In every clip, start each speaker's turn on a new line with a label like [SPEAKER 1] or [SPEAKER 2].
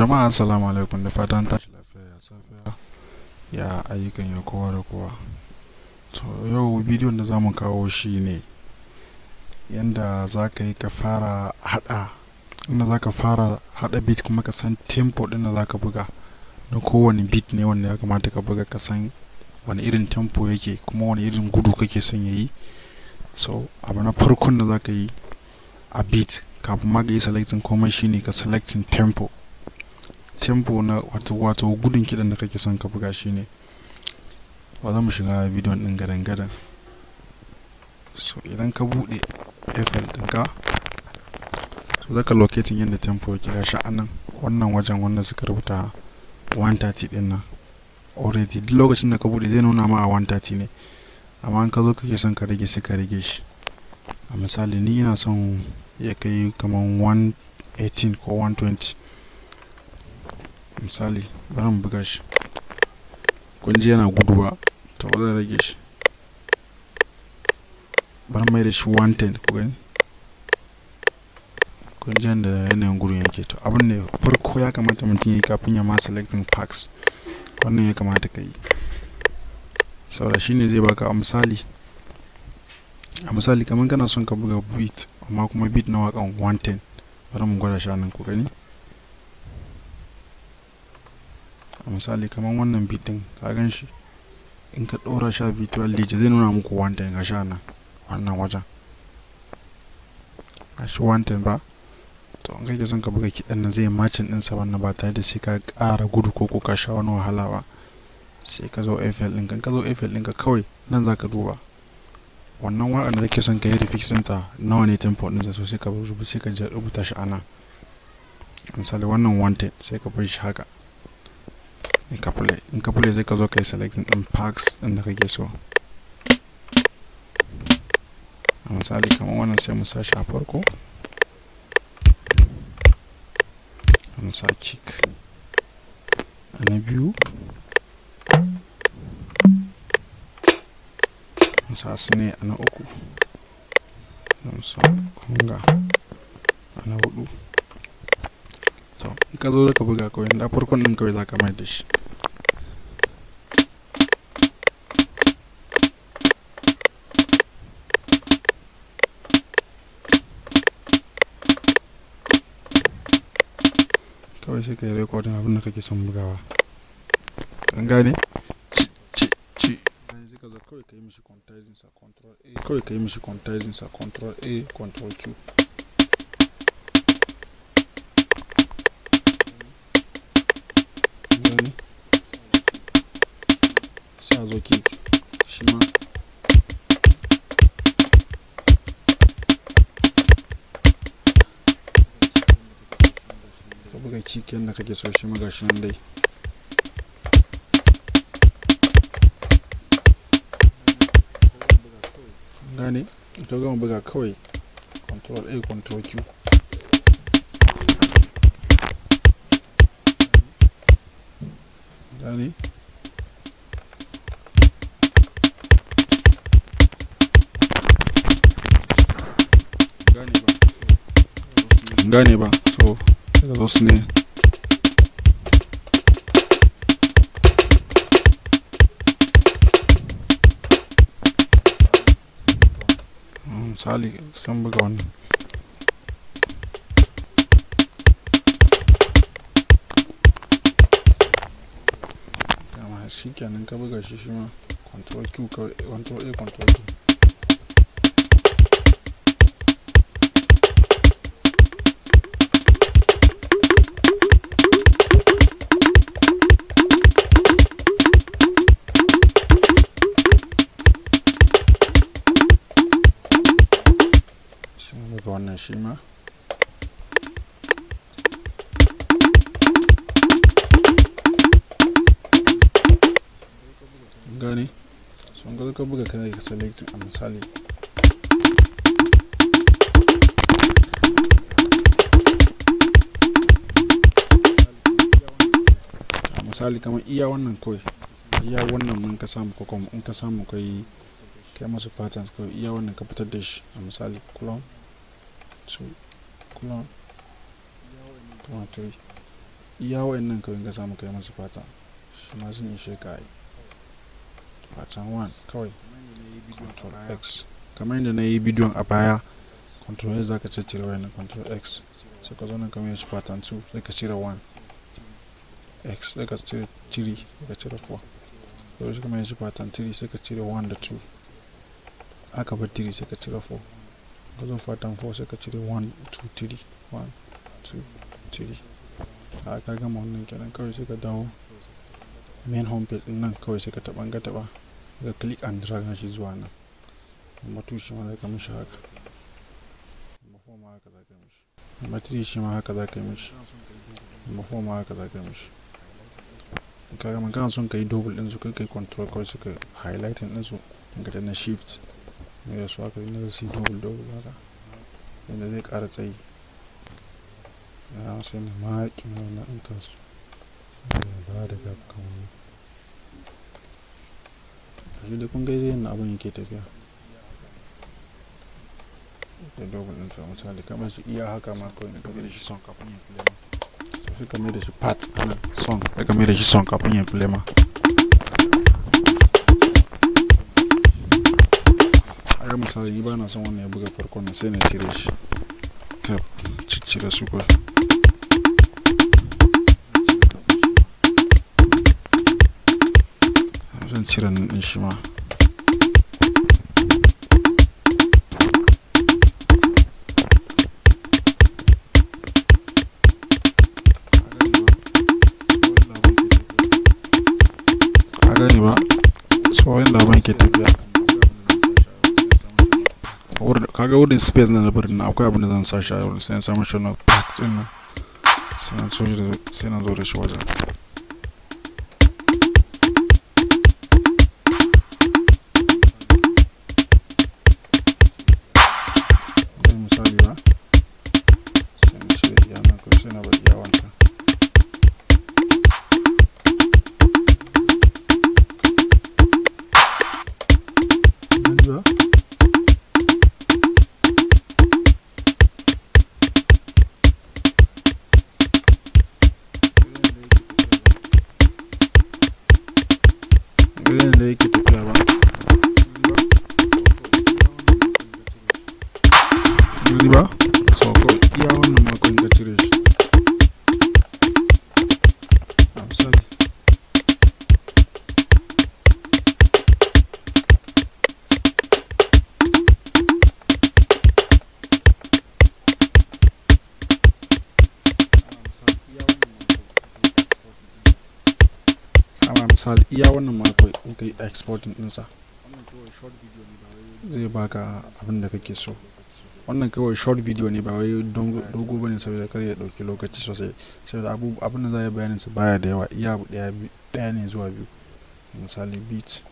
[SPEAKER 1] jama'a assalamu alaikum da fatan tashi lafiya ya safiya ya ayyukan ya kowa da kowa to yau bidiyon da zamu kawo shi ne yadda za ka yi ka fara hada inda za ka fara hada bit kuma ka san tempo din da za ka buga na kowane bit ne wanda ya kamata ka buga ka san wani irin tempo yake kuma wani irin gudu kake son ya yi so abu na farkon da za ka yi a bit kafin ma ka yi selecting komai shine ka selecting tempo tempo na wato wato gudun kiɗan da kake son ka buga shi ne ba za mu shiga bidiyon ɗin gadan-gadan so idan ka buɗe fl ɗinka so zaka locating yadda tempo yake gashi a nan wannan wajen wanda suka rubuta 130 ɗin nan already duk lokacin da ka buɗe zai nuna ma a 130 ne amma in ka zo kake son ka rage sai ka rage shi a misali ni ina son ya kai kamar 118 ko 120 misali bari mu buga shi kun ji yana guduwa to ba zan rage shi bari mai da shi 110 ku gani kun ji yadda yanayin gudun yake to abin da farko ya kamata mutum ya yi kafin ya ma selecting packs wannan ya kamata ka yi saboda shi ne zai baka a misali a misali kamar kana son ka buga beat amma kuma beat na wakan 110 bari mu gwada shanun ku gani a misali kamar wannan bitin ka gan shi in ka ɗora sha virtual DJ zai nuna muku wanta ga sha nan wannan wajen a shi wanta ba to in kake son ka buga kiɗan nan zai macin sa wannan ba tare da sai ka ƙara gudu ko ka sha wani wahala ba sai ka zo FL ɗinka ka zo FL ɗinka kawai nan za ka duba wannan waƙar da kake son ka yi rifixin ta nawa ne tempo ɗinsa so sai ka rubuta shi a nan misali wannan wanted sai ka bar shi haka ka play in ka play sai ka zo ka yi selecting din packs din da kake so a misali kamar wannan sai mu sashi a farko mu a na biyu musa sine a na uku mu sa konga a na hudu ka zo ka buga kawai da farkon nan kawai za ka mai da shi kawai sai ka yi rekodin abin da kake son bugawa an gane kawai ka yi mishi contizing sa control a kawai ka yi mishi contizing sa control a control q nan Sounds okay. buga kake so shi dai ka gama buga kawai control a control q ali. gane ba so da zo su ne misali hmm, sun buga shi kenan ka buga shi shi ma control 2, kawai control a control 2 wannan shi gane so in ka buga kana ka selectin a misali a misali kamar iya wannan kawai iya wannan mun ka samu ko kuma in ka samu kai kai masu patterns kawai iya wannan ka fitar da shi a misali clone to clone clone 3 iya wa'annan kawai in ka samu kai masu pattern shi ma sun ishe ka yi button 1 kawai control x kamar yadda na yi bidiyon a baya control x za ka cire wani control x sai ka zo kamar yashi button 2 sai ka cire 1 x sai ka cire 3 sai ka cire 4 sai ka kamar button 3 sai ka cire 1 da 2 aka bar 3 sai ka cire 4 ka zo button 4 sai ka cire 1 2 3 1 2 3 a ka gama wannan kenan kawai sai ka dawo main home page din nan kawai sai ka taɓa ga taɓa da click and drag na shi zuwa nan amma two shi ma za ka mishi haka amma four ma haka za ka mishi amma three shi ma haka za ka mishi amma four ma haka za ka mishi kaga man kana son ka yi double din su kai kai control kawai su ka highlighting din su da na shift ne da su haka na su double double haka yadda zai ƙara tsayi ya sai na maƙi na na ɗin kansu ba da gab kamar yanzu da kun gaida yadda abin yake tafiya da dogon ɗin sa misali kamar su iya haka ma kawai na mai da shi son kafin yin filema sai fi kamar da shi pat kana son da ka mai da shi son kafin yin filema a ga misali ba na son wannan ya buga farkon na sai na cire shi ciccire su kawai zan cire nan din shi ma gane ba tsohon laban ke tafiya kaga wurin space na labarin na akwai abin da zan sa shi a wurin sai na samu shi na pack din nan sai na zo da shi wajen una b o t l a a g u a n t d e n l ahí q u c a v a r i b a soco, y aún no me cuenta c i r e s h misali iya wannan ma akwai in ka yi exporting zai baka abin da kake so wannan kawai short video ne ba wai dogo bane saboda kar ya dauki lokaci sosai saboda abin da za a bayanin su baya da yawa iya abu daya ne zuwa biyu misali beat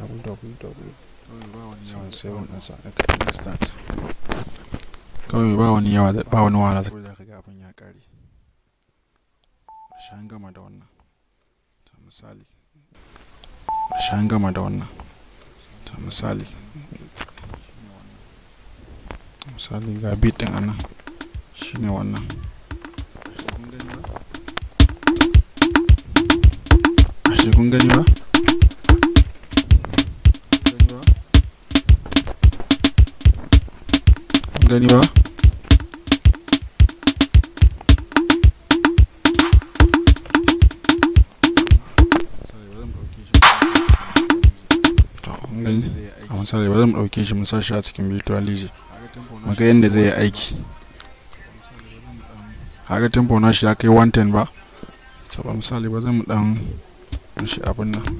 [SPEAKER 1] www kawai ba wani yawa ba wani wahala saboda ka ga abin ya kare shan gama da wannan misali shan gama da wannan ta misali misali ga bitin din anan shine wannan ashe kun gani ba gani ba misali ba zan ɗauke shi mu shi a cikin virtualize mu ga yadda zai yi aiki haka tempo na shi ya kai 110 ba misali ba zan mu ɗan shi abin nan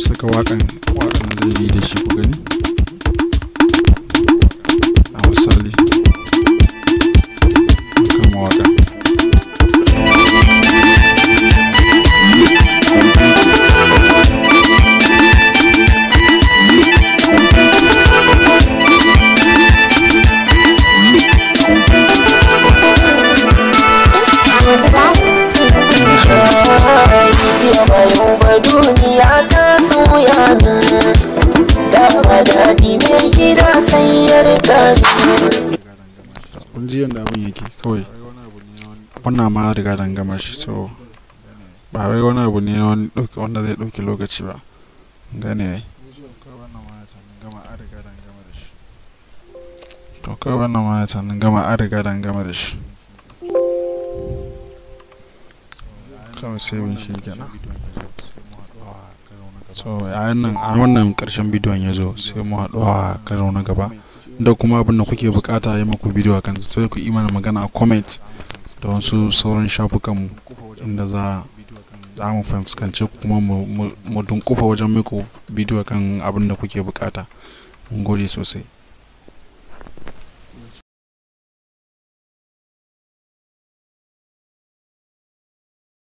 [SPEAKER 1] saka waƙan waƙan zai yi da shi ku gani ni ne gida sai yarda kun ji yadda abin yake kawai wannan ma riga da gama shi so ba wai wani abu ne wanda zai ɗauki lokaci ba gane ai to kai wannan ma ta nan gama an riga da gama da shi kawai sai bin shi kenan so a wannan karshen bidiyon ya zo sai mu haɗu a karo na gaba da kuma abin da kuke bukata ya maku bidiyo kan sai ku imana magana a comment da wasu sauran shafukan inda za za mu fuskanci kuma mu dunkufa wajen muku bidiyo kan abin da kuke bukata mun gode sosai